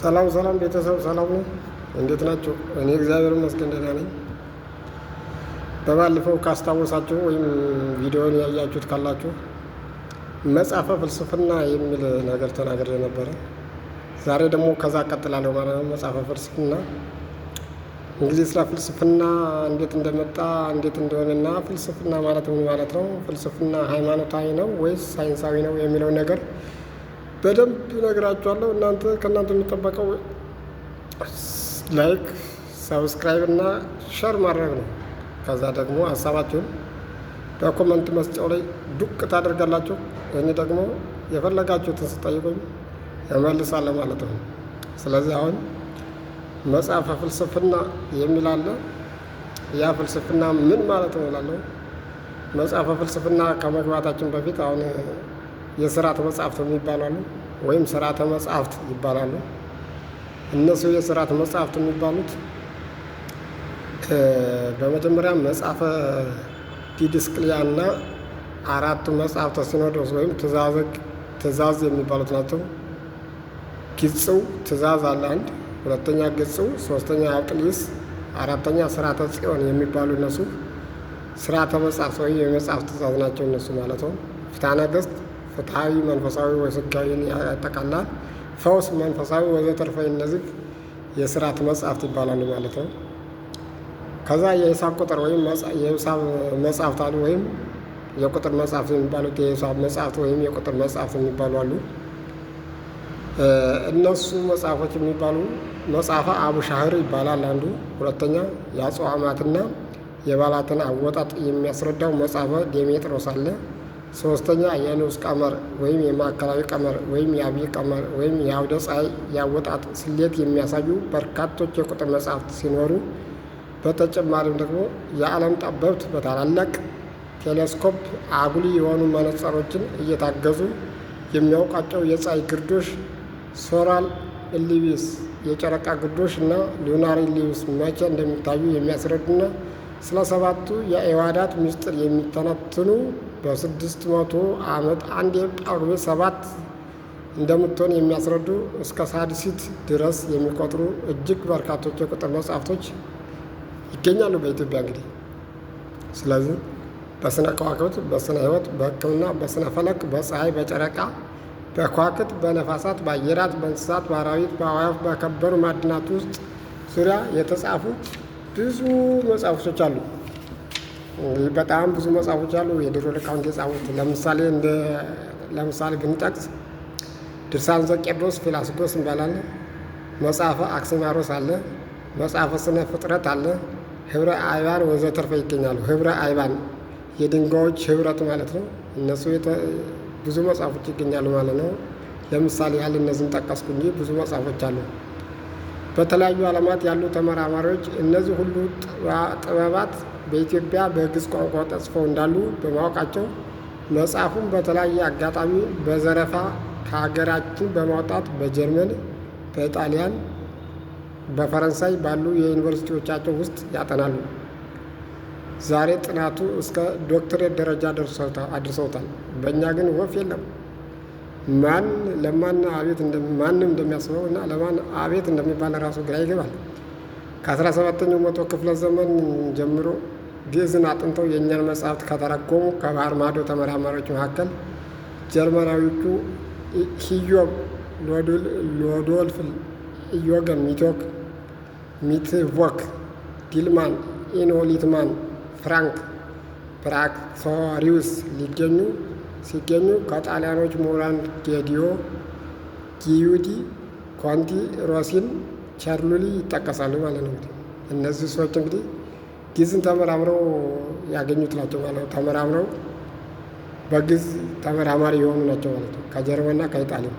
ሰላም ሰላም ቤተሰብ ሰላሙ እንዴት ናቸው? እኔ እግዚአብሔር ይመስገን ደህና ነኝ። በባለፈው ካስታወሳችሁ ወይም ቪዲዮን ያያችሁት ካላችሁ መጽሐፈ ፍልስፍና የሚል ነገር ተናግሬ ነበረ። ዛሬ ደግሞ ከዛ ቀጥላለሁ ማለት ነው። መጽሐፈ ፍልስፍና እንግዲህ ስለ ፍልስፍና እንዴት እንደመጣ እንዴት እንደሆነና ፍልስፍና ማለት ምን ማለት ነው፣ ፍልስፍና ሃይማኖታዊ ነው ወይስ ሳይንሳዊ ነው የሚለው ነገር በደንብ እነግራችኋለሁ። እናንተ ከእናንተ የሚጠበቀው ላይክ፣ ሰብስክራይብ እና ሸር ማድረግ ነው። ከዛ ደግሞ ሀሳባችሁን ዶኩመንት መስጫው ላይ ዱቅ ታደርጋላችሁ። እኔ ደግሞ የፈለጋችሁትን ስጠይቁኝ እመልሳለሁ ማለት ነው። ስለዚህ አሁን መጽሐፈ ፍልስፍና የሚል አለ። ያ ፍልስፍና ምን ማለት ነው ላለው? መጽሐፈ ፍልስፍና ከመግባታችን በፊት አሁን የስርዓተ መጽሐፍት የሚባሉ አሉ። ወይም ስርዓተ መጽሐፍት ይባላሉ። እነሱ የስርዓተ መጽሐፍት የሚባሉት በመጀመሪያ መጽሐፈ ዲድስቅልያና አራቱ መጽሐፍተ ሲኖዶስ ወይም ትእዛዝ የሚባሉት ናቸው። ግጽው ትእዛዝ አለ አንድ፣ ሁለተኛ ግጽው፣ ሶስተኛ አቅሊስ፣ አራተኛ ስርዓተ ጽዮን የሚባሉ እነሱ ስርዓተ መጽሐፍት ወይም የመጽሐፍ ትእዛዝ ናቸው እነሱ ማለት ነው። ፍትሐ ነገሥት ፍትሐዊ፣ መንፈሳዊ ወይ ስጋዊን ያጠቃላል። ፈውስ፣ መንፈሳዊ ወዘተርፈ እነዚህ የስርዓት መጽሐፍት ይባላሉ ማለት ነው። ከዛ የሂሳብ ቁጥር ወይም የሂሳብ መጽሐፍት አሉ ወይም የቁጥር መጽሐፍት የሚባሉት የሂሳብ መጽሐፍት ወይም የቁጥር መጽሐፍት የሚባሉ አሉ። እነሱ መጽሐፎች የሚባሉ መጽሐፈ አቡሻህር ይባላል አንዱ። ሁለተኛ የአጽዋማትና የባላትን አወጣጥ የሚያስረዳው መጽሐፈ ዴሜጥሮስ አለ። ሶስተኛ የንዑስ ቀመር ወይም የማዕከላዊ ቀመር ወይም የአብይ ቀመር ወይም የአውደ ፀሐይ የአወጣጥ ስሌት የሚያሳዩ በርካቶች የቁጥር መጽሐፍት ሲኖሩ በተጨማሪም ደግሞ የዓለም ጠበብት በታላላቅ ቴሌስኮፕ አጉሊ የሆኑ መነጽሮችን እየታገዙ የሚያውቋቸው የፀሐይ ግርዶሽ ሶራል ኢሊቪስ የጨረቃ ግርዶሽ እና ሉናር ኢሊቪስ መቼ እንደሚታዩ የሚያስረዱና ስለ ሰባቱ የኤዋዳት ምስጢር የሚተነትኑ በስድስት መቶ ዓመት አንድ ጳጉሜ ሰባት እንደምትሆን የሚያስረዱ እስከ ሳድሲት ድረስ የሚቆጥሩ እጅግ በርካቶች የቁጥር መጽሐፍቶች ይገኛሉ በኢትዮጵያ እንግዲህ። ስለዚህ በስነ ከዋክብት፣ በስነ ህይወት በህክምና በስነ ፈለክ፣ በፀሐይ፣ በጨረቃ፣ በከዋክት በነፋሳት፣ በአየራት፣ በእንስሳት፣ በአራዊት፣ በአዋፍ፣ በከበሩ ማዕድናት ውስጥ ዙሪያ የተጻፉ ብዙ መጽሐፍቶች አሉ። በጣም ብዙ መጽሐፎች አሉ። የድሮ ልካውን የጻፉት ለምሳሌ እንደ ለምሳሌ ብንጠቅስ ድርሳን ዘቄዶስ ፊላስዶስ እንበላለ መጽሐፈ አክሲማሮስ አለ። መጽሐፈ ስነ ፍጥረት አለ። ህብረ አይባን ወዘተርፈ ይገኛሉ። ህብረ አይባን የድንጋዮች ህብረት ማለት ነው። እነሱ ብዙ መጽሐፎች ይገኛሉ ማለት ነው። ለምሳሌ ያህል እነዚህን ጠቀስኩ እንጂ ብዙ መጽሐፎች አሉ። በተለያዩ ዓለማት ያሉ ተመራማሪዎች እነዚህ ሁሉ ጥበባት በኢትዮጵያ በግዕዝ ቋንቋ ተጽፈው እንዳሉ በማወቃቸው መጽሐፉን በተለያየ አጋጣሚ በዘረፋ ከሀገራችን በማውጣት በጀርመን፣ በጣሊያን፣ በፈረንሳይ ባሉ የዩኒቨርሲቲዎቻቸው ውስጥ ያጠናሉ። ዛሬ ጥናቱ እስከ ዶክትሬት ደረጃ አድርሰውታል። በእኛ ግን ወፍ የለም። ማን ለማን አቤት ማንም እንደሚያስበው እና ለማን አቤት እንደሚባል ራሱ ግራ ይገባል። 17 ሰባተኛው መቶ ክፍለ ዘመን ጀምሮ ግዕዝን አጥንተው የእኛን መጽሐፍት ከተረጎሙ ከባህር ማዶ ተመራማሪዎች መካከል ጀርመናዊቱ ሂዮብ ሎዶልፍ ኢዮገን ሚቶክ ሚትቮክ ዲልማን ኢኖሊትማን ፍራንክ ፕራክቶሪውስ ሊገኙ ሲገኙ ከጣሊያኖች ምሁራን ጌዲዮ ጊዩዲ ኮንቲ ሮሲን ቸርሉሊ ይጠቀሳሉ ማለት ነው። እነዚህ ሰዎች እንግዲህ ግዕዝን ተመራምረው ያገኙት ናቸው ማለት ነው። ተመራምረው በግዕዝ ተመራማሪ የሆኑ ናቸው ማለት ነው። ከጀርመንና ከኢጣሊያ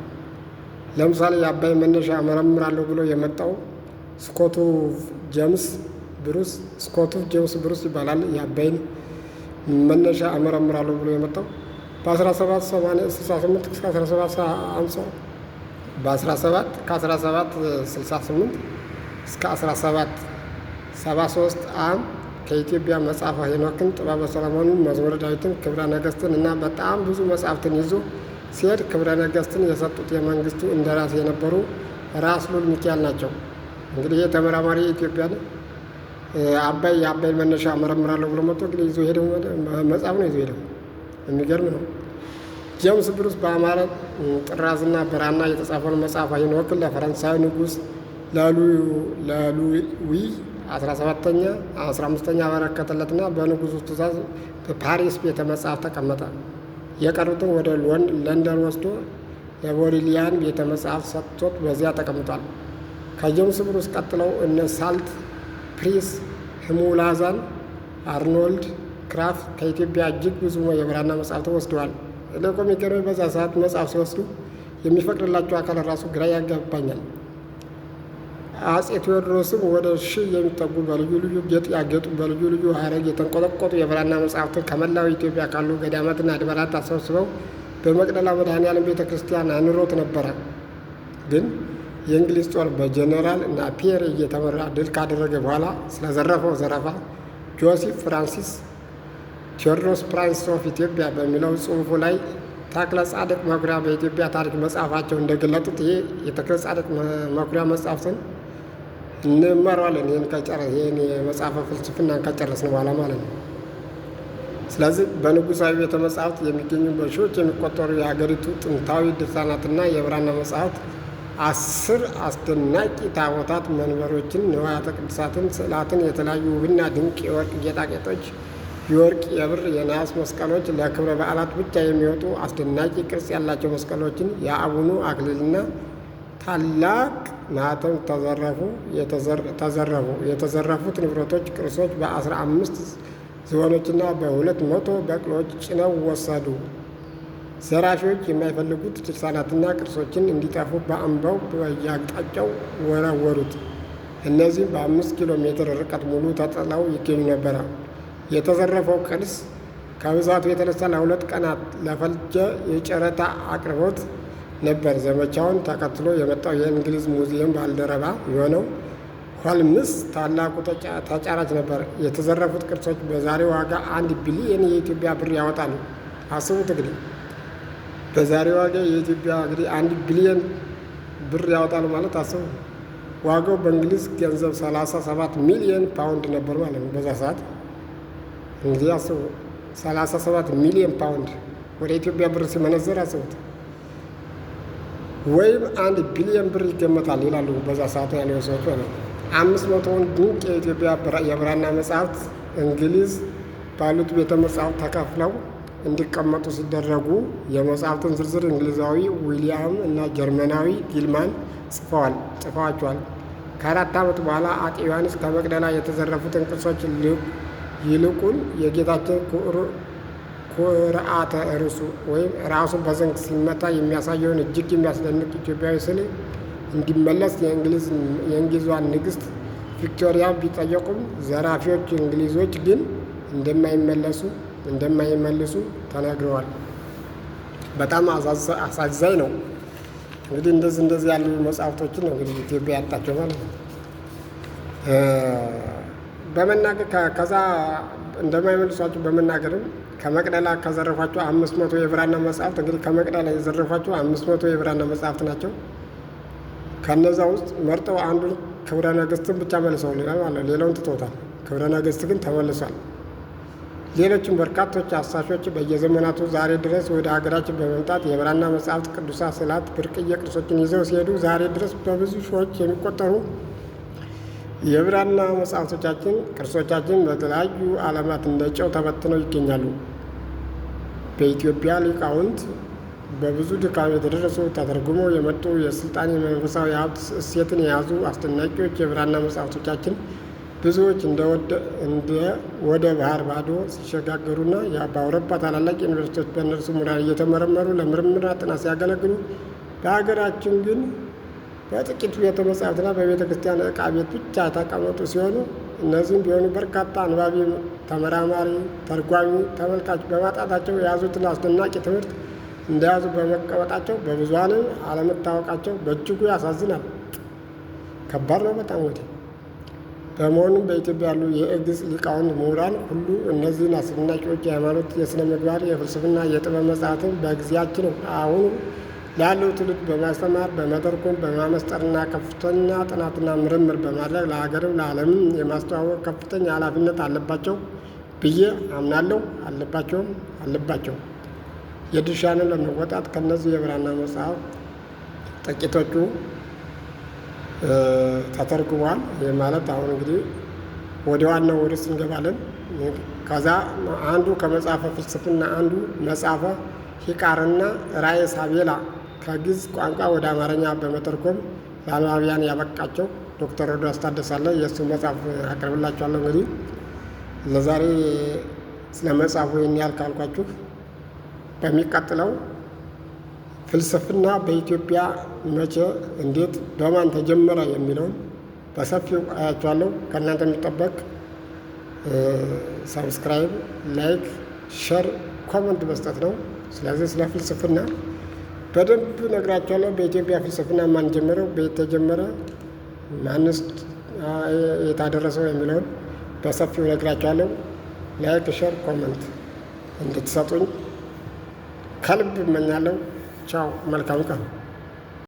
ለምሳሌ የአባይ መነሻ እመረምራለሁ ብሎ የመጣው ስኮቱ ጀምስ ብሩስ ስኮቱ ጀምስ ብሩስ ይባላል። የአባይን መነሻ እመረምራለሁ ብሎ የመጣው በ1768 እስከ 1750 በ17 ከ1768 እስከ 1773 ዓ.ም ከኢትዮጵያ መጽሐፈ ሄኖክን፣ ጥበበ ሰለሞንን፣ መዝሙረ ዳዊትን፣ ክብረ ነገስትን እና በጣም ብዙ መጽሐፍትን ይዞ ሲሄድ ክብረ ነገስትን የሰጡት የመንግስቱ እንደራስ የነበሩ ራስ ሉል ሚካኤል ናቸው። እንግዲህ ይህ ተመራማሪ ኢትዮጵያን አባይ የአባይ መነሻ መረምራለሁ ብሎ መጥቶ እንግዲህ ይዞ ሄደው መጽሐፍ ነው ይዞ ሄደው። የሚገርም ነው። ጀምስ ብሩስ በአማረ ጥራዝና ብራና የተጻፈውን መጽሐፈ ሄኖክን ለፈረንሳዊ ንጉስ ለሉዊ አስራ ሰባተኛ አስራ አምስተኛ አበረከተለትና በንጉሱ ትእዛዝ በፓሪስ ቤተ መጽሐፍ ተቀመጠ። የቀሩትን ወደ ለንደን ወስዶ ለቦሪሊያን ቤተ መጽሐፍ ሰጥቶት በዚያ ተቀምጧል። ከጀምስ ብሩስ ቀጥለው እነ ሳልት ፕሪስ፣ ህሙላዛን፣ አርኖልድ ክራፍት ከኢትዮጵያ እጅግ ብዙ የብራና መጽሐፍት ወስደዋል። ለኮሚቴሮች በዛ ሰዓት መጽሐፍ ሲወስዱ የሚፈቅድላቸው አካል ራሱ ግራ ያጋባኛል። አጼ ቴዎድሮስም ወደ ሺህ የሚጠጉ በልዩ ልዩ ጌጥ ያጌጡ በልዩ ልዩ ሀረግ የተንቆጠቆጡ የብራና መጽሐፍትን ከመላው ኢትዮጵያ ካሉ ገዳማትና አድባራት አሰብስበው በመቅደላ መድኃኔ ቤተ ክርስቲያን አኑሮት ነበረ። ግን የእንግሊዝ ጦር በጀኔራል እና ፒየር እየተመራ ድል ካደረገ በኋላ ስለዘረፈው ዘረፋ ጆሲፍ ፍራንሲስ ቴዎድሮስ ፕራንስ ኦፍ ኢትዮጵያ በሚለው ጽሑፉ ላይ ተክለ ጻድቅ መኩሪያ በኢትዮጵያ ታሪክ መጽሐፋቸው እንደገለጡት ይህ የተክለ ጻድቅ መኩሪያ መጽሐፍትን እንማረዋለን። ይህን ከጨረስ ይህን የመጽሐፈ ፍልስፍናን ከጨረስን በኋላ ማለት ነው። ስለዚህ በንጉሳዊ ቤተ መጽሐፍት የሚገኙ በሺዎች የሚቆጠሩ የሀገሪቱ ጥንታዊ ድርሳናትና የብራና መጽሐፍት አስር አስደናቂ ታቦታት፣ መንበሮችን፣ ንዋያተ ቅዱሳትን፣ ስዕላትን፣ የተለያዩ ውብና ድንቅ የወርቅ ጌጣጌጦች፣ የወርቅ የብር፣ የነሐስ መስቀሎች፣ ለክብረ በዓላት ብቻ የሚወጡ አስደናቂ ቅርጽ ያላቸው መስቀሎችን፣ የአቡኑ አክሊልና ታላቅ ማህተም ተዘረፉ ተዘረፉ የተዘረፉት ንብረቶች ቅርሶች በአስራ አምስት ዝሆኖችና በሁለት መቶ በቅሎች ጭነው ወሰዱ። ዘራፊዎች የማይፈልጉት ድርሳናትና ቅርሶችን እንዲጠፉ በአንበው በየአቅጣጫው ወረወሩት። እነዚህም በአምስት ኪሎ ሜትር ርቀት ሙሉ ተጥለው ይገኙ ነበረ። የተዘረፈው ቅርስ ከብዛቱ የተነሳ ለሁለት ቀናት ለፈልጀ የጨረታ አቅርቦት ነበር። ዘመቻውን ተከትሎ የመጣው የእንግሊዝ ሙዚየም ባልደረባ የሆነው ሆልምስ ታላቁ ተጫራች ነበር። የተዘረፉት ቅርሶች በዛሬ ዋጋ አንድ ቢሊየን የኢትዮጵያ ብር ያወጣሉ። አስቡት እንግዲህ በዛሬ ዋጋ የኢትዮጵያ እንግዲህ አንድ ቢሊየን ብር ያወጣሉ ማለት አስቡ። ዋጋው በእንግሊዝ ገንዘብ 37 ሚሊየን ፓውንድ ነበር ማለት ነው። በዛ ሰዓት እንግዲህ አስቡ 37 ሚሊየን ፓውንድ ወደ ኢትዮጵያ ብር ሲመነዘር አስቡት። ወይም አንድ ቢሊዮን ብር ይገመታል ይላሉ። በዛ ሰዓት ያን የሰዎች ነው። አምስት መቶውን ድንቅ የኢትዮጵያ የብራና መጽሐፍት እንግሊዝ ባሉት ቤተ መጽሐፍት ተከፍለው እንዲቀመጡ ሲደረጉ የመጽሐፍትን ዝርዝር እንግሊዛዊ ዊሊያም እና ጀርመናዊ ጊልማን ጽፈዋል ጽፈዋቸዋል። ከአራት ዓመት በኋላ አጤ ዮሐንስ ከመቅደላ የተዘረፉትን ቅርሶች ይልቁን የጌታችን ኩርዓተ ርእሱ ወይም ራሱን በዘንግ ሲመታ የሚያሳየውን እጅግ የሚያስደንቅ ኢትዮጵያዊ ስል እንዲመለስ የእንግሊዟ ንግሥት ቪክቶሪያ ቢጠየቁም ዘራፊዎች እንግሊዞች ግን እንደማይመለሱ እንደማይመልሱ ተነግረዋል። በጣም አሳዛኝ ነው። እንግዲህ እንደዚህ እንደዚህ ያሉ መጽሐፍቶችን እንግዲህ ኢትዮጵያ ያጣቸው ማለት ነው። በመናገር ከዛ እንደማይመልሷቸው በመናገርም ከመቅደላ ከዘረፏቸው አምስት መቶ የብራና መጽሐፍት እንግዲህ ከመቅደላ የዘረፏቸው አምስት መቶ የብራና መጽሐፍት ናቸው። ከነዛ ውስጥ መርጠው አንዱን ክብረ ነገስትን ብቻ መልሰው ማለት ሌላውን ትቶታል። ክብረ ነገስት ግን ተመልሷል። ሌሎችም በርካቶች አሳሾች በየዘመናቱ ዛሬ ድረስ ወደ ሀገራችን በመምጣት የብራና መጽሐፍት፣ ቅዱሳ ስዕላት፣ ብርቅዬ ቅርሶችን ይዘው ሲሄዱ ዛሬ ድረስ በብዙ ሺዎች የሚቆጠሩ የብራና መጽሐፍቶቻችን ቅርሶቻችን በተለያዩ ዓለማት እንደ ጨው ተበትነው ይገኛሉ። በኢትዮጵያ ሊቃውንት በብዙ ድካም የተደረሱ ተተርጉመው የመጡ የስልጣን የመንፈሳዊ ሀብት እሴትን የያዙ አስደናቂዎች የብራና መጽሐፍቶቻችን ብዙዎች እንደ ወደ ባህር ባዶ ሲሸጋገሩና በአውሮፓ ታላላቅ ዩኒቨርሲቲዎች በእነርሱ ሙዳር እየተመረመሩ ለምርምርና ጥናት ሲያገለግሉ በሀገራችን ግን በጥቂት ቤተ መጻሕፍትና በቤተ ክርስቲያን ዕቃ ቤት ብቻ የተቀመጡ ሲሆኑ እነዚህም ቢሆኑ በርካታ አንባቢ፣ ተመራማሪ፣ ተርጓሚ፣ ተመልካች በማጣታቸው የያዙትን አስደናቂ ትምህርት እንደያዙ በመቀመጣቸው በብዙሃንም አለመታወቃቸው በእጅጉ ያሳዝናል። ከባድ ነው በጣም ወዲህ። በመሆኑም በኢትዮጵያ ያሉ የእግዝ ሊቃውንት ምሁራን ሁሉ እነዚህን አስደናቂዎች የሃይማኖት፣ የሥነ ምግባር፣ የፍልስፍና፣ የጥበብ መጽሐፍትን በጊዜያችን አሁኑ ላለው ትውልድ በማስተማር በመተርኮም በማመስጠርና ከፍተኛ ጥናትና ምርምር በማድረግ ለሀገርም ለዓለምም የማስተዋወቅ ከፍተኛ ኃላፊነት አለባቸው ብዬ አምናለሁ። አለባቸውም አለባቸው። የድርሻንን ለመወጣት ከነዚህ የብራና መጽሐፍ ጥቂቶቹ ተተርጉሟል። ይህ ማለት አሁን እንግዲህ ወደ ዋናው ወደስ እንገባለን። ከዛ አንዱ ከመጽሐፈ ፍልስፍና አንዱ መጽሐፈ ሂቃርና ራእየ ሳቤላ ከግዕዝ ቋንቋ ወደ አማርኛ በመተርጎም ለአንባቢያን ያበቃቸው ዶክተር ወዶ ታደሰ አለ። የእሱ መጽሐፍ አቀርብላችኋለሁ። እንግዲህ ለዛሬ ስለ መጽሐፉ ይህን ያህል ካልኳችሁ በሚቀጥለው ፍልስፍና በኢትዮጵያ መቼ፣ እንዴት፣ በማን ተጀመረ የሚለውን በሰፊው አያችኋለሁ። ከእናንተ የሚጠበቅ ሰብስክራይብ፣ ላይክ፣ ሸር፣ ኮመንት መስጠት ነው። ስለዚህ ስለ ፍልስፍና በደንብ ነግራቸዋለሁ። በኢትዮጵያ ፍልስፍና ማን ጀመረው፣ በየት ተጀመረ፣ ማንስ የታደረሰው የሚለውን በሰፊው ነግራቸዋለሁ። ላይክ፣ ሸር፣ ኮመንት እንድትሰጡኝ ከልብ እመኛለሁ። ቻው፣ መልካም ቀን።